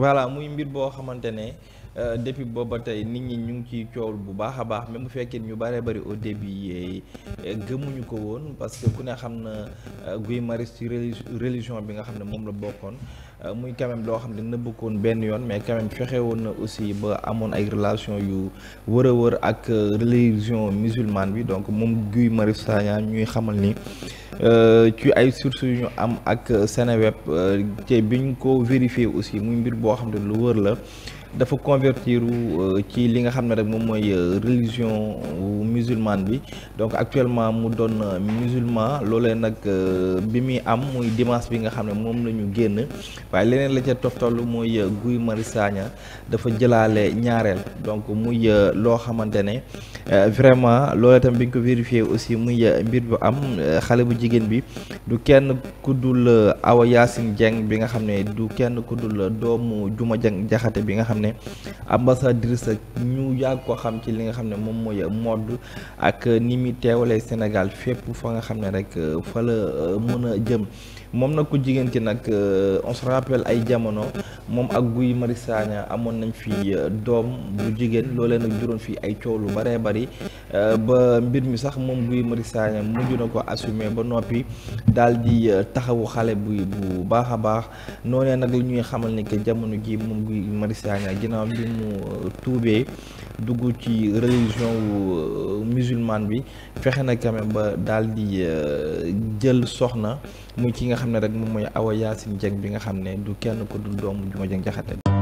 voilà muy mbir boo xamante ne euh, depuis booba tey nit ñi ñu ngi ciy coowul bu baax a baax même bu fekkee ñu bëree bëri au début euh, gëmuñu ko woon parce que ku ne xam na euh, Guy maris ci religion bi nga xam ne moom la bokkoon muy quand même loo xam ne nëbb koon benn yoon mais quand même fexe woon na aussi ba amoon ay relation yu wër a wër ak religion musulmane bi donc moom Guy Marius Sagna ñuy xamal nii Euh, ci ay sources yu ñu am ak Seneweb euh, te bi ñu ko vérifié aussi muy mbir boo xam ne lu wër la dafa convertir euh, ci li nga xam ne rek moom mooy euh, religion musulmane bi donc actuellement mu doon euh, musulman loolee nag bi muy am muy dimanche bi nga xam ne moom lañu génn waaye leneen la ca toftal mooy Guy Marius Sagna dafa jëlaale ñaareel donc muy loo xamante ne vraiment loolee tam bi ñu ko vérifié aussi muy mbir bu am xale bu jigéen bi du kenn kuddul Awa Yacine jeng bi nga xam ne du kenn kuddul doomu Juma Dieng Jaxate bi nga xam xam ne ambassadrice ñu yàgg ko xam ci li nga xam ne moom mooy mode ak ni muy teewalee Sénégal fépp fa nga xam ne rek euh, fa la euh, mën a jëm. moom nag ku jigéen ki nag euh, on se ay jamono moom ak Guy Marius amoon nañ fii euh, doom bu jigéen loolee nag juróon fii ay coow lu baree bari euh, ba mbir mi sax moom Guy Marius Sagna mujj na ko assumer ba noppi daal di taxawu xale bu bu baax a baax noonee nag la ñuy xamal ni que jamono ji moom Guy Marius Sagna ginnaaw bi mu tuubee dugg ci religion wu euh, musulmane bi fexe na quand ba daal di euh, jël soxna muy ki nga xam ne rek moom mooy Awa Yacine Dieng bi nga xam ne du kenn ko dul doomu Juma Dieng Jaxate